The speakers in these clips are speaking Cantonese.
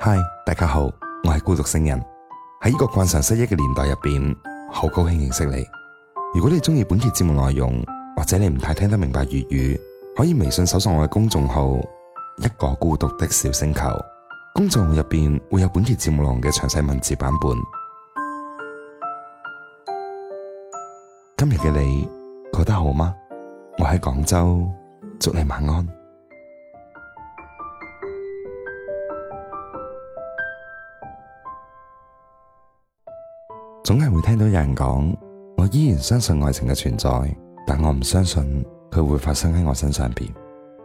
嗨，Hi, 大家好，我係孤獨星人。喺呢個慣常失憶嘅年代入邊，好高興認識你。如果你中意本期節，節目內容，或者你唔太聽得明白粵語，可以微信搜索我嘅公眾號一個孤獨的小星球，公眾號入邊會有本期節，節目中嘅詳細文字版本。今日嘅你覺得好嗎？我喺廣州，祝你晚安。總係會聽到有人講，我依然相信愛情嘅存在，但我唔相信佢會發生喺我身上邊。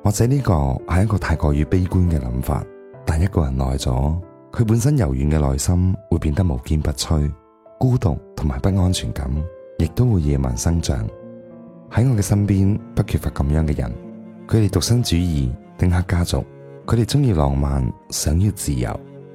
或者呢個係一個太過於悲觀嘅諗法。但一個人耐咗，佢本身柔軟嘅內心會變得無堅不摧，孤獨同埋不安全感亦都會野蠻生長。喺我嘅身邊不缺乏咁樣嘅人，佢哋獨身主義，丁克家族，佢哋中意浪漫，想要自由，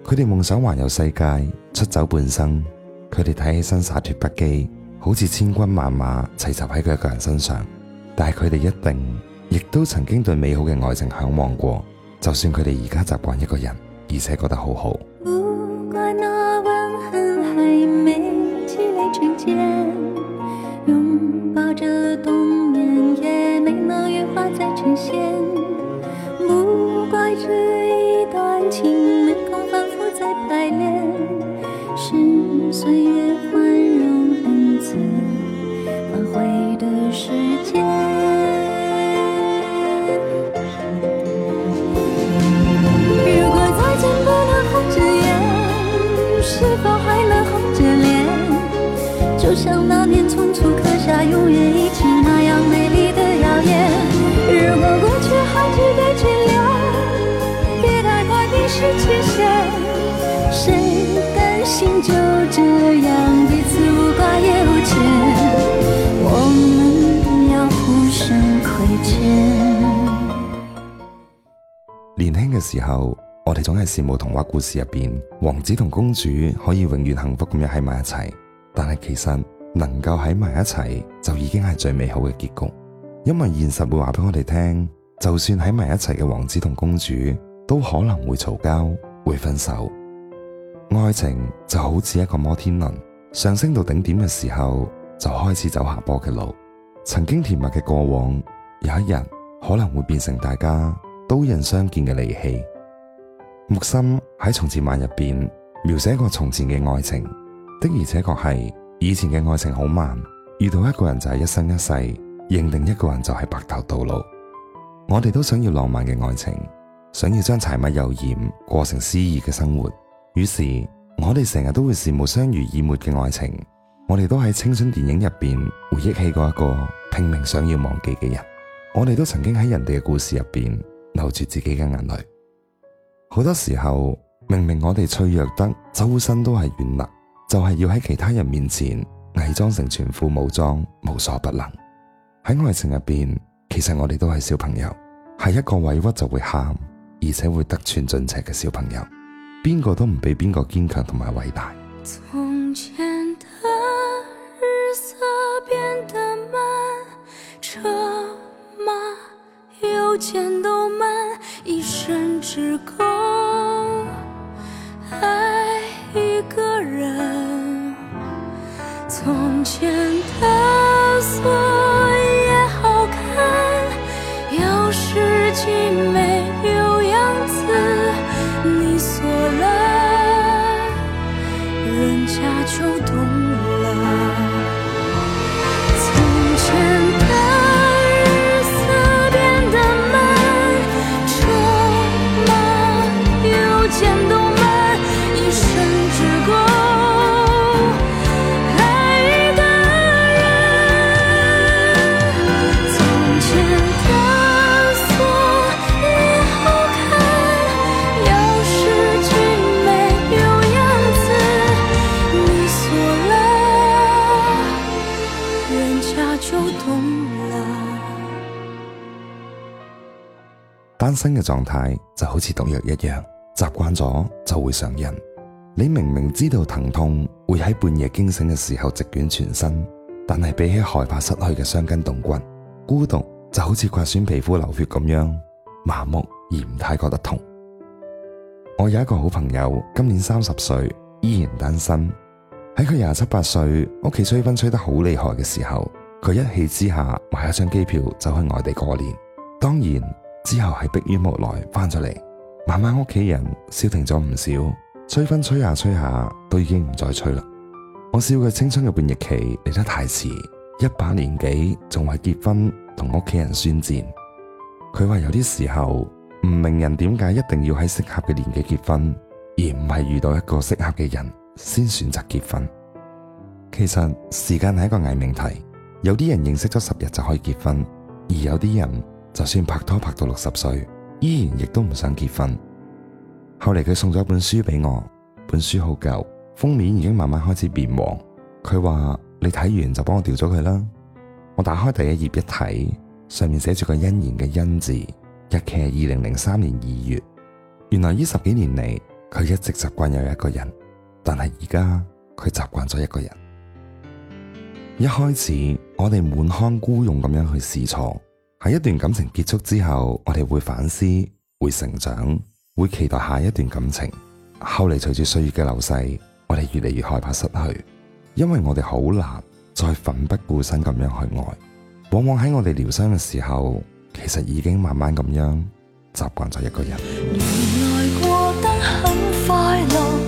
佢哋夢想環遊世界，出走半生。佢哋睇起身灑脫不羈，好似千軍萬馬齊集喺佢一個人身上，但係佢哋一定亦都曾經對美好嘅愛情向往過，就算佢哋而家習慣一個人，而且覺得好好。時候，我哋總係羨慕童話故事入邊王子同公主可以永遠幸福咁樣喺埋一齊，但係其實能夠喺埋一齊就已經係最美好嘅結局，因為現實會話俾我哋聽，就算喺埋一齊嘅王子同公主都可能會嘈交、會分手。愛情就好似一個摩天輪，上升到頂點嘅時候就開始走下坡嘅路，曾經甜蜜嘅過往有一日可能會變成大家。刀刃相見嘅利器，木心喺從前慢入邊描寫過從前嘅愛情，的而且確係以前嘅愛情好慢，遇到一個人就係一生一世，認定一個人就係白頭到老。我哋都想要浪漫嘅愛情，想要將柴米油鹽過成詩意嘅生活，於是我哋成日都會羨慕相濡以沫嘅愛情。我哋都喺青春電影入邊回憶起過一個拼命想要忘記嘅人，我哋都曾經喺人哋嘅故事入邊留住自己嘅眼淚，好多時候明明我哋脆弱得周身都係軟肋，就係要喺其他人面前偽裝成全副武裝、無所不能。喺愛情入邊，其實我哋都係小朋友，係一個委屈就會喊，而且會得寸進尺嘅小朋友。邊個都唔畀邊個堅強同埋偉大。從前的日色變得慢，車馬郵件都慢。時空。單身嘅狀態就好似毒藥一樣，習慣咗就會上癮。你明明知道疼痛會喺半夜驚醒嘅時候席捲全身，但係比起害怕失去嘅傷筋動骨，孤獨就好似刮損皮膚流血咁樣，麻木而唔太覺得痛。我有一個好朋友，今年三十歲，依然單身。喺佢廿七八歲，屋企吹風吹得好厲害嘅時候。佢一氣之下買一張機票走去外地過年，當然之後係迫於無奈翻咗嚟。慢慢屋企人消停咗唔少，催婚催下催下都已經唔再催啦。我笑佢青春嘅叛逆期嚟得太遲，一把年紀仲係結婚同屋企人宣戰。佢話有啲時候唔明人點解一定要喺適合嘅年紀結婚，而唔係遇到一個適合嘅人先選擇結婚。其實時間係一個偽命題。有啲人認識咗十日就可以結婚，而有啲人就算拍拖拍到六十歲，依然亦都唔想結婚。後嚟佢送咗一本書俾我，本書好舊，封面已經慢慢開始變黃。佢話：你睇完就幫我掉咗佢啦。我打開第一頁一睇，上面寫住個欣然嘅欣字，日期係二零零三年二月。原來呢十幾年嚟，佢一直習慣有一個人，但係而家佢習慣咗一個人。一開始。我哋滿腔孤勇咁樣去試錯，喺一段感情結束之後，我哋會反思、會成長、會期待下一段感情。後嚟隨住歲月嘅流逝，我哋越嚟越害怕失去，因為我哋好難再奮不顧身咁樣去愛。往往喺我哋療傷嘅時候，其實已經慢慢咁樣習慣咗一個人。原來過得很快樂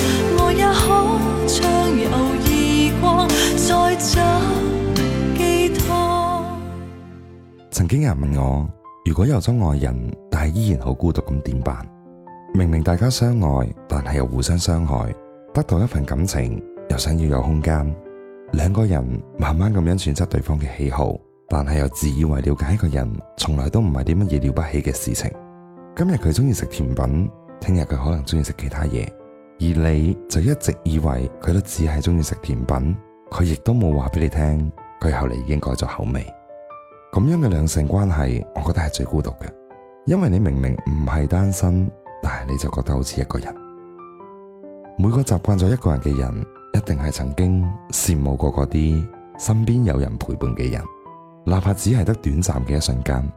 經人問我：如果有咗愛人，但係依然好孤獨咁，點辦？明明大家相愛，但係又互相傷害。得到一份感情，又想要有空間。兩個人慢慢咁樣選擇對方嘅喜好，但係又自以為了解一個人，從來都唔係啲乜嘢了不起嘅事情。今日佢中意食甜品，聽日佢可能中意食其他嘢，而你就一直以為佢都只係中意食甜品，佢亦都冇話俾你聽，佢後嚟已經改咗口味。咁樣嘅兩性關係，我覺得係最孤獨嘅，因為你明明唔係單身，但係你就覺得好似一個人。每個習慣咗一個人嘅人，一定係曾經羨慕過嗰啲身邊有人陪伴嘅人，哪怕只係得短暫嘅一瞬間，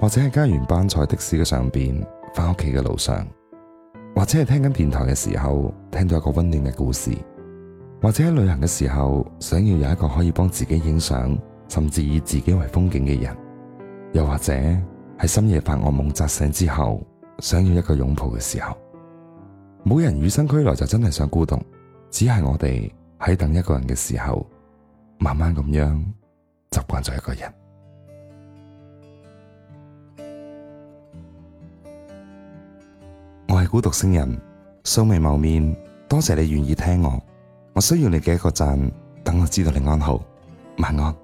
或者係加完班坐喺的士嘅上邊翻屋企嘅路上，或者係聽緊電台嘅時候聽到一個溫暖嘅故事，或者喺旅行嘅時候想要有一個可以幫自己影相，甚至以自己為風景嘅人，又或者喺深夜發惡夢扎醒之後，想要一個擁抱嘅時候，冇人與生俱來就真係想孤獨，只係我哋喺等一個人嘅時候，慢慢咁樣習慣咗一個人。我係孤獨星人，素未謀面，多謝你願意聽我。我需要你嘅一個讚，等我知道你安好，晚安。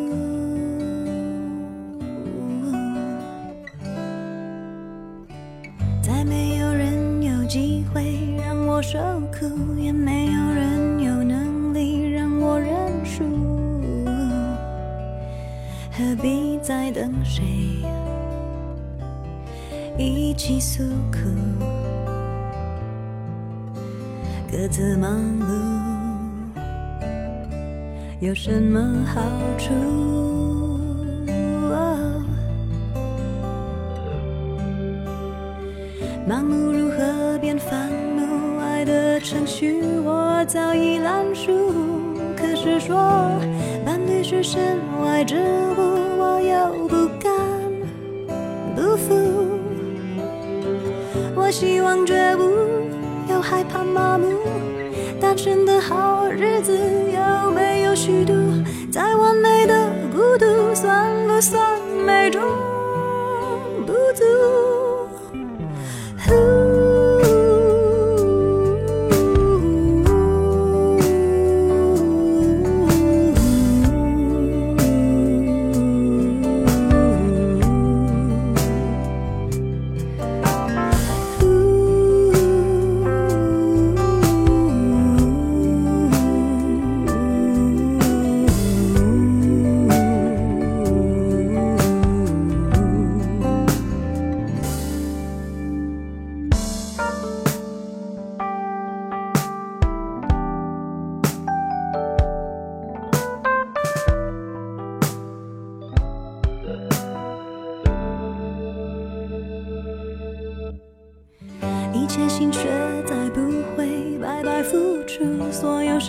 也沒有人有能力讓我認輸，何必再等誰一起訴苦，各自忙碌，有什麼好處，哦？盲目如何變煩？的程序我早已爛熟，可是說伴侶是身外之物，我又不甘不服。我希望覺悟，又害怕麻木。單身的好日子有沒有虛度？再完美的孤獨，算不算美中不足？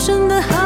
真的好。